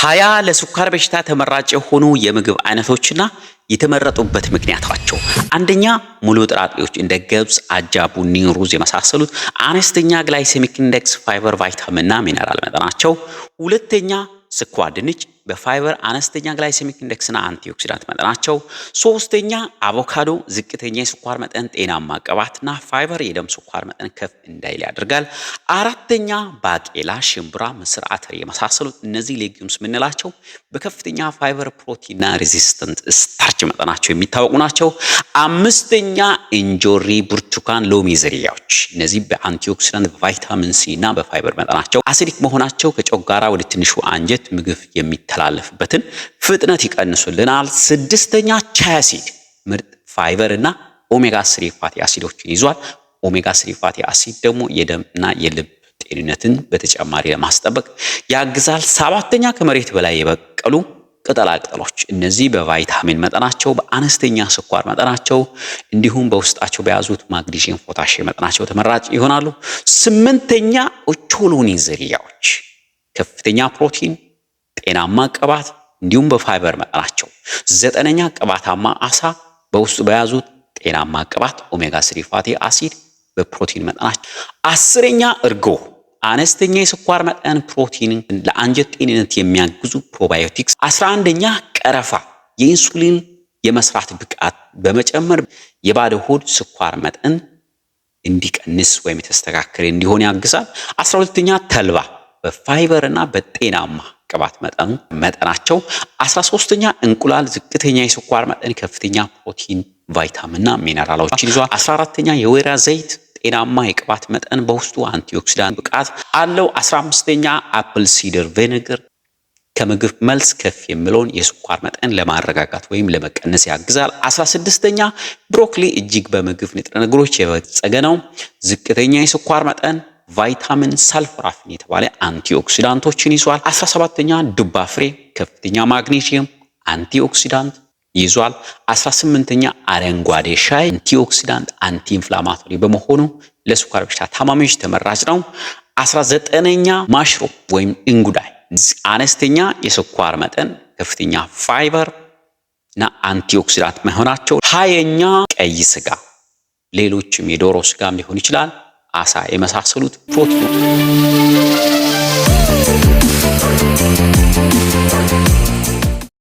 ሀያ ለስኳር በሽታ ተመራጭ የሆኑ የምግብ አይነቶችና የተመረጡበት ምክንያታቸው አንደኛ ሙሉ ጥራጥሬዎች እንደ ገብስ፣ አጃ፣ ቡኒ ሩዝ የመሳሰሉት አነስተኛ ግላይሴሚክ ኢንደክስ ፋይበር፣ ቫይታሚንና ሚነራል መጠናቸው። ሁለተኛ ስኳር ድንች በፋይበር አነስተኛ ግላይሴሚክ ኢንዴክስና አንቲኦክሲዳንት መጠናቸው፣ ሶስተኛ አቮካዶ ዝቅተኛ የስኳር መጠን ጤናማ ቅባትና ፋይበር የደም ስኳር መጠን ከፍ እንዳይል ያደርጋል። አራተኛ ባቄላ፣ ሽምብራ፣ ምስር፣ አተር የመሳሰሉት እነዚህ ሌጊዩምስ የምንላቸው በከፍተኛ ፋይበር ፕሮቲንና ሬዚስተንት ስታርች መጠናቸው የሚታወቁ ናቸው። አምስተኛ እንጆሪ፣ ብርቱካን፣ ሎሚ ዝርያዎች እነዚህ በአንቲኦክሲዳንት በቫይታሚን ሲ እና በፋይበር መጠናቸው አሲዲክ መሆናቸው ከጨጓራ ወደ ትንሹ አንጀት ምግብ የሚታ የሚተላለፍበትን ፍጥነት ይቀንሱልናል። ስድስተኛ ቻይ አሲድ ምርጥ ፋይበር እና ኦሜጋ ስሪ ፋቲ አሲዶችን ይዟል። ኦሜጋ ስሪ ፋቲ አሲድ ደግሞ እና የልብ ጤንነትን በተጨማሪ ለማስጠበቅ ያግዛል። ሰባተኛ ከመሬት በላይ የበቀሉ ቅጠላ ቅጠሎች እነዚህ በቫይታሚን መጠናቸው በአነስተኛ ስኳር መጠናቸው እንዲሁም በውስጣቸው በያዙት ማግኒዥየም፣ ፎታሽ መጠናቸው ተመራጭ ይሆናሉ። ስምንተኛ ኦቾሎኒ ዝርያዎች ከፍተኛ ፕሮቲን ጤናማ ቅባት እንዲሁም በፋይበር መጠናቸው። ዘጠነኛ ቅባታማ አሳ በውስጡ በያዙ ጤናማ ቅባት ኦሜጋ ስሪ ፋቲ አሲድ በፕሮቲን መጠናቸው። አስረኛ እርጎ አነስተኛ የስኳር መጠን ፕሮቲን ለአንጀት ጤንነት የሚያግዙ ፕሮባዮቲክስ። አስራ አንደኛ ቀረፋ የኢንሱሊን የመስራት ብቃት በመጨመር የባዶ ሆድ ስኳር መጠን እንዲቀንስ ወይም የተስተካከለ እንዲሆን ያግዛል። አስራ ሁለተኛ ተልባ በፋይበር እና በጤናማ ቅባት መጠኑ መጠናቸው 13ኛ እንቁላል ዝቅተኛ የስኳር መጠን፣ ከፍተኛ ፕሮቲን፣ ቫይታሚንና ሚነራሎችን ይዟል። 14ኛ የወይራ ዘይት ጤናማ የቅባት መጠን በውስጡ አንቲኦክሲዳንት ብቃት አለው። 15ኛ አፕል ሲደር ቬነገር ከምግብ መልስ ከፍ የሚለውን የስኳር መጠን ለማረጋጋት ወይም ለመቀነስ ያግዛል። 16ኛ ብሮኮሊ እጅግ በምግብ ንጥረ ነገሮች የበለጸገ ነው። ዝቅተኛ የስኳር መጠን ቫይታሚን ሰልፍራፊን የተባለ አንቲኦክሲዳንቶችን ይዟል። 17ኛ ዱባ ፍሬ ከፍተኛ ማግኔዥየም አንቲኦክሲዳንት ይዟል። 18ተኛ አረንጓዴ ሻይ አንቲኦክሲዳንት አንቲ ኢንፍላማቶሪ በመሆኑ ለስኳር በሽታ ታማሚዎች ተመራጭ ነው። 19ኛ ማሽሮ ወይም እንጉዳይ አነስተኛ የስኳር መጠን ከፍተኛ ፋይበር እና አንቲኦክሲዳንት መሆናቸው። ሀየኛ ቀይ ስጋ ሌሎችም የዶሮ ስጋም ሊሆን ይችላል። አሳ የመሳሰሉት ፎቶ